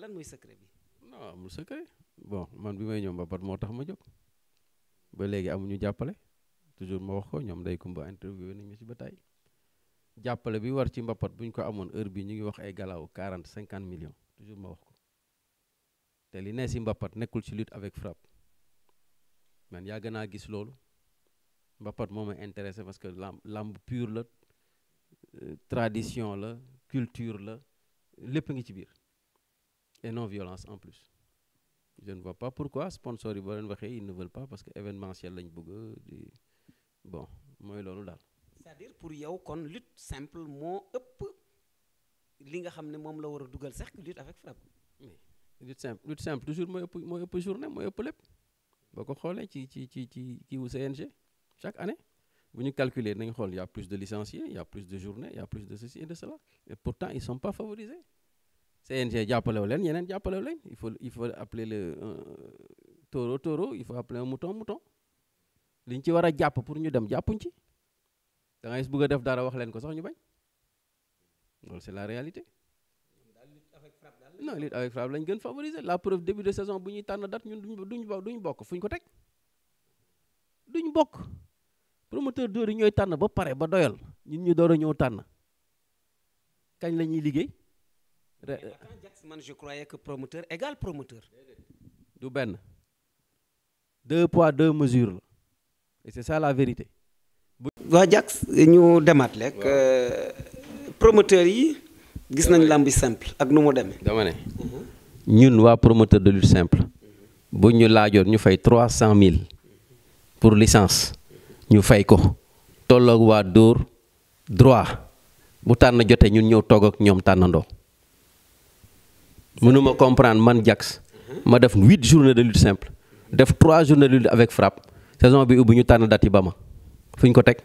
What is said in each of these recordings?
lan mooy secret bi. non amul secret bon man bi may ñëw mbappat moo tax ma jóg ba léegi ñu jàppale toujours ma wax ko ñoom day kumba interview nañ ñu si ba tey jàppale bi war ci mbapat buñ ko amoon heure bi ñu ngi wax ay galaaw 40 50 millions toujours ma wax ko te li ne si mbappat nekkul ci lutte avec frappe man yàgg naa gis loolu mbappat moo ma intéressé parce que lamb lamb pur la euh, tradition la culture la lépp a ngi ci biir et non violence en plus je ne vois pas pourquoi sponsor yi boo leen waxee ils ne veulent pas parce que événementiel lañ bëgg bon mooy loolu daal. c'est-à-dire pour yow kon lutte simple moo ëpp li nga xam ne moom la war a dugal sax lutte avec frappe. oui lutte simple lutte simple toujours mooy ëpp mooy ëpp journée mooy ëpp lépp boo ko xoolee ci ci ci ci kii wu CNG chaque année bu ñu calculer nañu xool y a plus de licenciés y plus de journées y a plus de ceci et de cela CNG jàppalewu leen ñeneen jàppalewu leen il faut il faut appeler le taureau euh, taureau il faut appeler un mouton mouton li ñu ci war a jàpp pour ñu dem jàppuñ ci da ngay bëgg a def dara wax leen ko sax ñu bañ loolu c'est réalité non lutte avec frappe lañ gën favoriser la preuve début de saison bu ñuy tànn dat ñun duñ duñ duñ bokk fuñ ko teg duñ bokk promoteur d'or yi ñooy tànn ba pare ba doyal ñun ñu door a ñëw tànn kañ la ñuy liggéey man je croyais que promoteur égal promoteur. du benn deux poids deux mesures la et c'est ça la vérité. waa Jax ñu demaat lekk euh, promoteur yi gis nañ làmbi simple ak nu mu demee. dama ne mhm. ñun waa promoteur de lutte simple bu ñu laajoon ñu fay trois cent mille pour licence ñu fay ko tolloog waa dóor droit bu tànn jotee ñun ñëw toog ak ñoom tànnandoo. mënuma comprendre man Jax ma def huit journées de lutte simple def trois journées de lutte avec frappe saison bi ubbi ñu tànn date yi ba ma fu ñu ko teg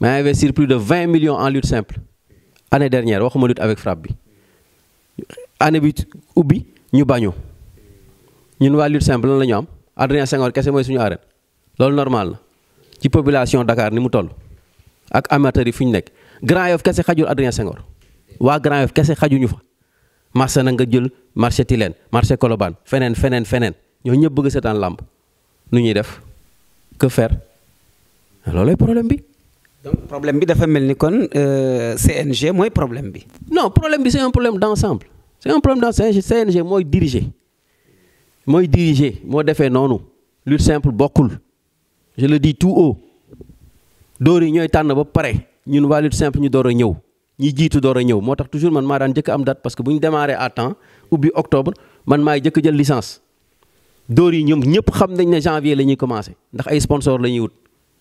ma investir plus de vingt millions en lutte simple année dernière waxuma lutte avec frappe bi anne bi ubbi ñu bañu ñun waa lutte simple lan la ñu am Adrien Senghor kese mooy suñu arène loolu normal la ci population Dakar ni mu toll ak amateurs yi fu ñu nekk Grand Yoff kese xajul Adrien Senghor waa Grand Yoff kese xajuñu fa. marché na nga jël marché Tilène marché Colobane feneen feneen feneen ñoo ñëpp bëgg seetaan làmb nu ñuy def que faire problème bi. donc problème bi dafa mel ni kon euh, CNG mooy problème bi. non problème bi c'est un problème d'ensemble c'est un problème d'ensemble CNG mooy diriger mooy diriger moo defee noonu lutte simple bokkul je le dis tout haut dóor yi ñooy tànn ba pare ñun waa lutte simple ñu door a ñëw. ñi jiitu door a ñëw moo tax toujours man maa daan jëkk am date parce que bu ñu démarré à ubbi octobre man maay jëkk jël licence dóor yi ñoom ñëpp xam nañ ne janvier la ñuy commencé ndax ay sponsor la ñuy wut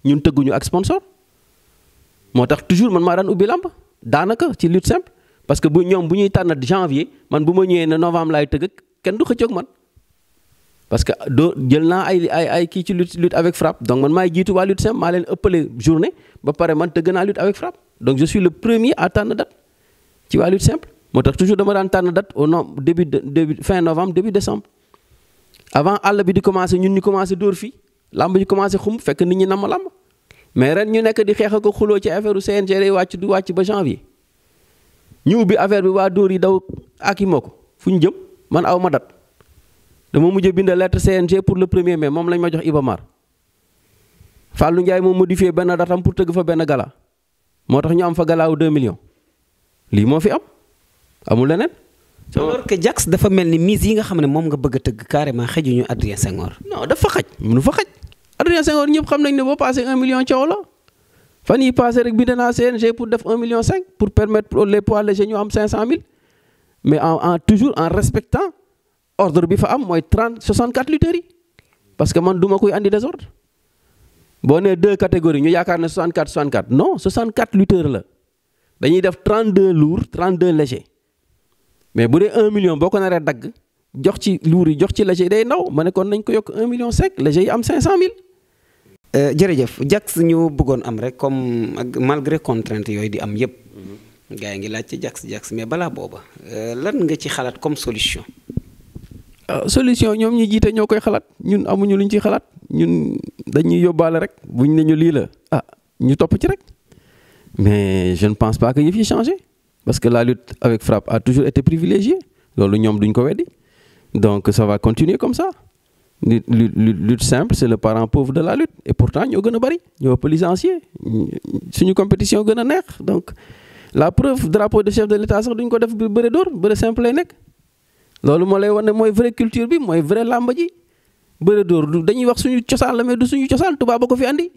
ñun tëgguñu ak sponsor moo tax toujours man maa daan ubbi làmb daanaka ci lutte simple parce que bu ñoom bu ñuy tànn janvier man bu ma ñëwee ne novembre laay tëgg kenn du xëccoog man parce que doo jël naa ay ay ay kii ci lut lutte avec frappe donc man maay jiitu waa lutte simple maa leen ëppale journée ba pare man tëgg naa lutte avec frappe donc je le premier à tànn dat ci waa lutte simple moo tax toujours dama daan tànn dat au no début début fin novembre début décembre avant àll bi di commencé ñun ñu commencé dóor fii làmb ji commencé xum fekk nit ñi namm làmb mais ren ñu nekk di xeex ak ko xuloo ci affaire CNG day wàcc du wàcc ba janvier ñu ubbi affaire bi waa dóor yi daw akimo ko fu ñu jëm man aw ma dama mujj binda lettre CNG pour le premier mais moom lañ ma jox Ibamar Fallou Ndiaye moo modifié benn datam pour tëgg fa benn gala moo tax ñu am fa galaaw 2 millions lii moo fi am amul leneen. alors que Jax dafa mel ni mise yi nga xam ne moom nga bëgg a tëgg carrément xëjuñu Adrien Senghor. non dafa xaj mënu fa xaj Adrien Senghor ñëpp xam nañ ne boo passé 1 million coow la fan yii passé rek bind naa CNG pour def 1 million cinq pour permettre les poids légers ñu am 500000 mais en en toujours en respectant ordre bi fa am mooy 30 64 lutteurs yi parce que man du ma koy andi désordre. boo nee deux catégories ñu yaakaar ne 64 64 non 64 lutteurs la dañuy def 32 lourds 32 légers mais bu dee un million boo ko naree dagg jox ci lour yi jox ci légers yi day ndaw ma ne nañ ko yokk 1 million 5 légers yi am 500000. Euh, jërëjëf Jax ñu bëggoon am rek comme malgré contrainte yooyu di am yëpp. Mhm. gaa yi ngi laaj ci Jax Jax mais balaa booba euh, lan nga ci xalaat comme solution. Ah, solution ñoom ñi jiite ñoo koy xalaat ñun amuñu luñ ci xalaat. ñun dañuy yóbbaale rek buñ ne ñu lii la ah ñu topp ci rek mais je ne pense pas que yëf yi changé parce que la lutte avec frappe a toujours été privilégiée loolu ñoom duñ ko weddi donc ça va continuer comme ça lutte lutte simple c'est le parent pauvre de la lutte et pourtant ñoo gën a bari ñoo ëpp licencié ñu compétition gën a neex donc la preuve drapeau de chef de l'État sax duñ ko def bëre dóor bëre simple lay nekk loolu moo lay wan ne mooy vraie culture bi mooy vrai làmb ji. bëre dóor dañuy wax suñu cosaan la mais du suñu cosaan tubaab ba ko fi andi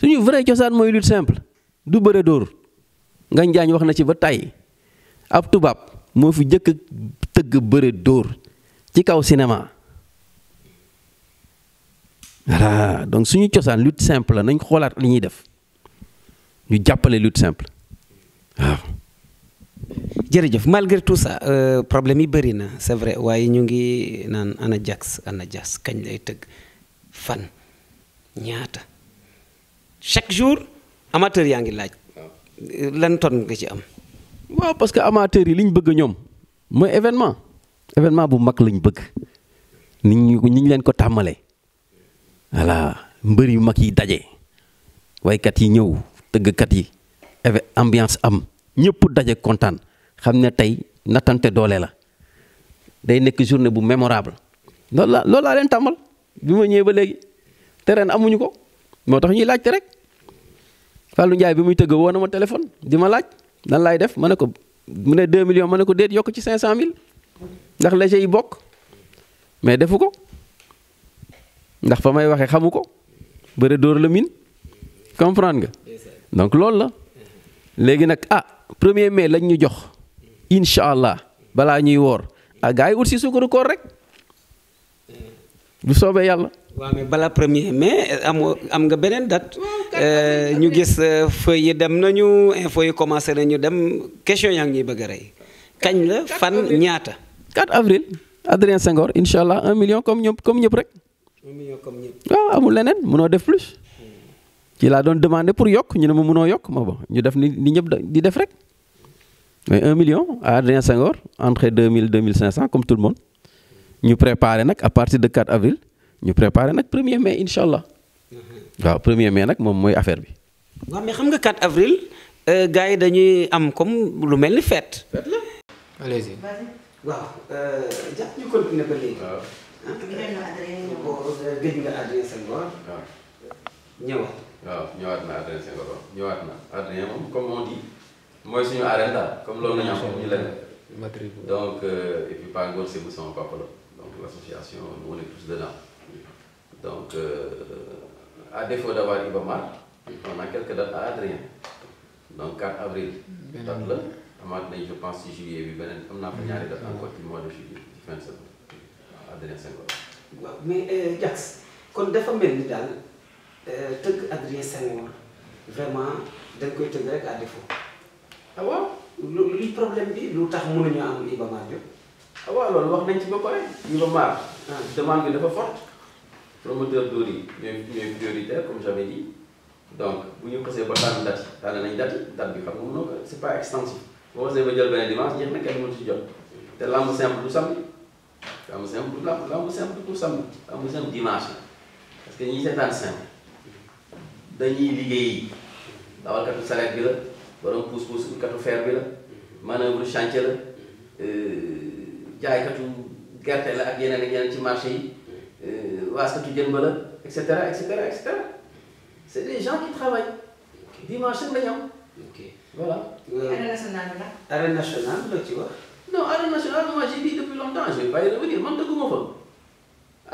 suñu vrai cosaan mooy lutte simple du bëre dóor nga njaañ wax na ci ba tàyyi ab tubaab moo fi jëkk tëgg bëre dóor ci kaw cinéma voilà donc suñu cosaan lutte simple nañ xoolaat li ñuy def ñu jàppale lutte simple waaw jërëjëf malgré tout ça euh, problème yi bëri na c'est vrai waaye ñu ngi naan ana jax ana jax kañ lay tëgg fan ñaata chaque jour amateur yaa ngi laaj lan ton nga ci am. waaw parce que amateurs yi li bëgg ñoom mooy événement événement bu mag lañ bëgg ni ñu niñ leen ko tàmmalee voilà mbër yu mag yi daje waykat yi ñëw tëggkat yi ambiance am ñëpp daje kontaan. xam ne tey nattante doole la day nekk journée bu mémorable loolu la loolu laa leen tàmbal bi ma ñëwee ba léegi te ren amuñu ko moo tax ñuy laajte rek Fallou Ndiaye bi muy tëgg woo na ma téléphone di ma laaj nan laay def ma ne ko mu ne 2 million ma ne ko déet yokk ci 500000 ndax léger yi bokk mais defu ko ndax fa may waxee xamu ko bëre dóor la min comprendre nga donc loolu la léegi nag ah premier mais lañ ñu jox. incha allah balaa ñuy woor ah gars yi ut si suukaru koor rek bu soobee yàlla. balaa premier mai am am nga beneen date euh, ñu gis euh, feuille yi dem nañu info yi commencé nañu dem question yaa ngi ñuy bëgg a rey kañ la fan ñaata. 4 avril Adrien Senghor incha allah 1 million comme ñëpp comme ñëpp rek. 1 waaw amul leneen mënoo def plus. Hmm. ci laa doon demande pour yokk ñu ne ma mënoo yokk ma ba ñu def ni ñëpp di def rek. mais un million à Adrien Senghor entre deux mille deux mille cinq cent comme tout le monde ñu préparé nag a partir de 4 avril ñu préparé nag premier mai incha allah waaw premier mai nag moom mooy affaire bi. waaw mais xam nga 4 avril euh, gars yi dañuy am comme lu mel ni fête. mooy suñu arène daal comme loolu la ñu am comme donc euh, et Pangol c'est sama papa donc l'association on est tous dedans donc euh, à défaut d'avoir Iba Mar on a quelques dates à Adrien donc 4 avril. date la amaat nañ je bi beneen am naa fa ñaari date encore ci mois de juillet ci fin de semaine waaw Adrien Senghor. waaw mais euh, Diaks kon dafa mel ni daal euh, tëgg Adrien Senghor vraiment dañ ah waaw lu li problème bi lu tax mënuñu am a Mar Diop ah waaw loolu wax nañ ci ba pare Iba Mar ah. demande bi dafa forte promoteur dóor yi ñooy ñooy prioritaire comme j'avais dit donc bu ñu xasee ba tànn date yi tànn nañ date yi date bi xam nga mënoo ko c'est pas extensif boo xasee ba jël benn dimanche jeex na kenn mënu ci jot te lamb simple du samedi lamb simple du lamb lamb simple du samedi lamb simple dimanche la parce que ñiy seetaan simple dañuy liggéeyi dawalkatu sareet bi la. borom pousse-pousse katu fer bi la manœuvre chantier la mm-hmm. euh, jaaykatu gerte la ak yeneen ak yeneen ci marché yi euh, waaskatu jën ba la et cetera et cetera et cetera c' est des gens qui travaillent dimanche rek la ñu am. ok voilà. Euh, arène nationale la. arène nationale la ci wax. non arène nationale moi j' ai dit depuis longtemps je man dëgguma fa.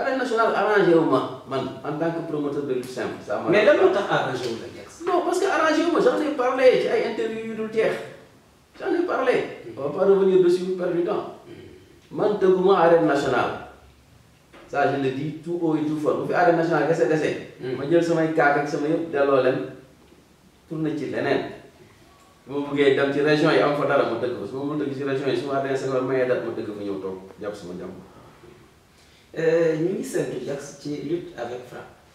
arène nationale arrangé wu ma man en tant que promoteur de lutte simple. ça mais lan moo tax arrangé non parce que arrangé wu ma j'en ai parlé ci ay interview yu dul jeex j'en ai parlé. on va pas revenir dessus pour perdre du temps. man tëgguma arène nationale. ça je le dis tout oh, haut et tout fort bu fi arène nationale kese dese. Hmm. ma jël samay kaak ak sama yëpp delloo leen tourné ci leneen. bu ma bëggee dem ci région yi am fa dara ma dëgg fa su ma mën a dëgg ci région yi su ma arène Senghor mayee dat ma dëgg fa ñëw toog jàpp sama jàmm. ñu eh, ngi séntu Jax ci lutte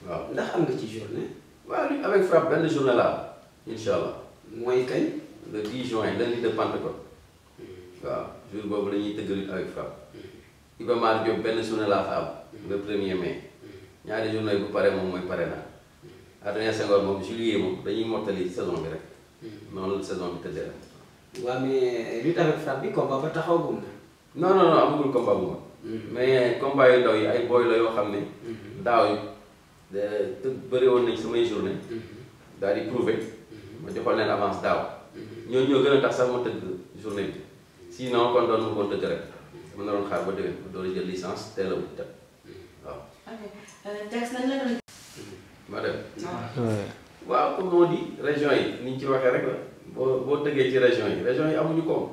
waaw ndax nga ci journée. Eh. waaw lutte avec frappe benn journée la incha allah mooy kañ le 10 juin lundi de Pentecôte waaw jour boobu la ñuy tëgg avec frappe Iba Mar Diop benn journée la fa am le premier mai ñaari journée bu pare moom mooy pare na Adrien Senghor moom juillet moom dañuy mottali saison bi rek noonu la saison bi tëddee la. waaw avec frappe bi combat ba taxawagum na. non non non amagul combat bu mag hmm. mais combat yu ndaw yi ay boy la yoo xam ne hmm. daaw yi. te bëri woon nañ samay journée mm-hmm. daal di prouvé mm-hmm. ma joxoon avance daaw mm-hmm. ñooñu ñoo gën a tax sax ma tëgg journée bi sinon kon doon ma ko tëgg rek dama naroon xaar ba déwén ma door a jël licence teel a wut tam waaw. Euh, ma dem ah. waaw comme moo di yi ni ñu ci waxee rek la boo boo tëggee ci région yi région yi amuñu koom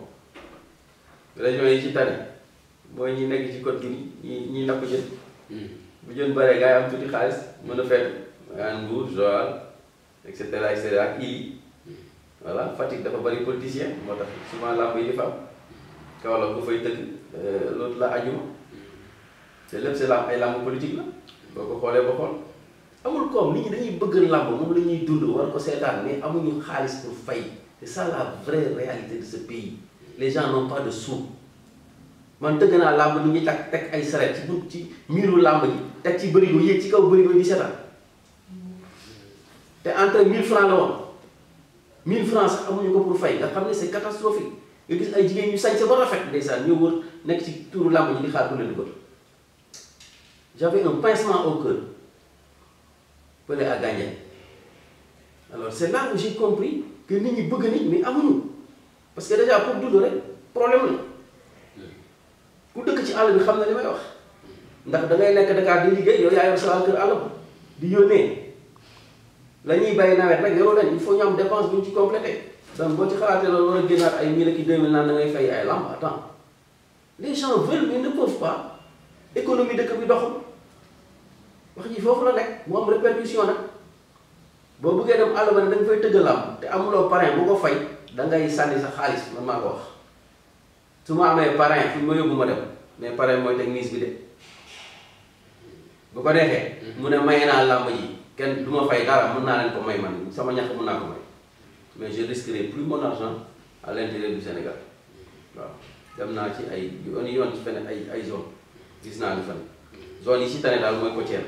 région yi ci tane mooy bu jën bare gars yi am tuuti xaalis mën a feetu nga Mbuur Joal et cetera et cetera ak voilà Fatick dafa bari politicien moo tax souvent làmb yi di fa bu fay tëgg euh, l'autre la ajuma te lépp c'est làmb ay làmb politique la boo ko xoolee ba xool amul koom nit ñi dañuy bëgg làmb moom la ñuy dund war ko seetaan mais amuñu xaalis pour fay te ça la vraie réalité de ce pays les gens pas de sous man dëgg naa làmb ni ñuy takk teg ay saret ci bu ci miiru làmb ji teg ci bëri bërigo yéeg ci kaw bërigo di seetaan te entre 1000 francs la woon 1000 francs sax amuñu ko pour fay nga xam ne c'est catastrophique nga gis ay jigéen ñu sañse ba rafet ndeysaan ñoo wër nekk ci tuuru làmb ji di xaar ku leen dugal j'avais un pincement au cœur Pelé a gagné alors c'est là où j'ai compris que nit ñi bëgg nit mais amuñu parce que déjà pour dund rek problème la ku dëkk ci àll bi xam na li may wax ndax da lekk nekk Dakar di liggéey yow yaa yor sa kër alam di yónnee la ñuy bay nawet nag yoroo nañ il faut ñu am dépense bu ñu ci complété. donc boo ci xalaatee loolu a génnaat ay mille ak deux mille naan ngay ay lamb attends les gens veulent mais économie dëkk bi doxul wax ji foofu la nekk mu am répercussion nag boo bëggee dem àll ba ne da nga fay tëgg lamb te amuloo parrain bu ko fay da ngay sànni sa xaalis man maa ko wax su ma amee parent fi ma yóbbu ma dem mais parrain mooy technique bi de. bu ko defee mm-hmm. mu ne maye naa la ji kenn du ma fay dara mën naa leen ko may ma sama ñax mën naa ko may mais je risquerai plus mon argent à l'intérieur du Sénégal waaw dem naa ci ay yoon yoon ci feneen ay ay zone gis naa lu fan zone yi si tane daal mooy côtière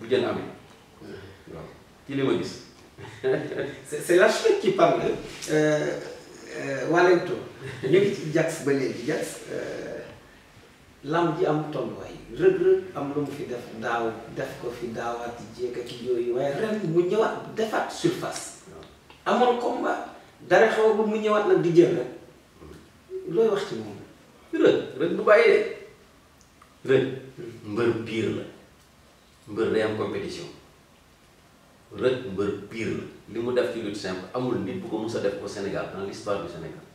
bu jën amee mm-hmm. waaw ci li ma gis c'est la Chouette qui parle euh, euh, Walento ñu ngi ci Jax ba léegi Jax lam ji am tolluwaay rëg-rëg am lu mu fi def daaw def ko fi daawaati jéegati yooyu waaye ren mu ñëwaat defaat surface amoon combat dara xaw ba mu ñëwaat nag di jël rek looy wax ci moom rëg rëg hmm. mbër biir la mbër day am compétition rëg mbër biir la li mu def ci lutte simple amul nit bu ko mus a def au Sénégal dans l'histoire du Sénégal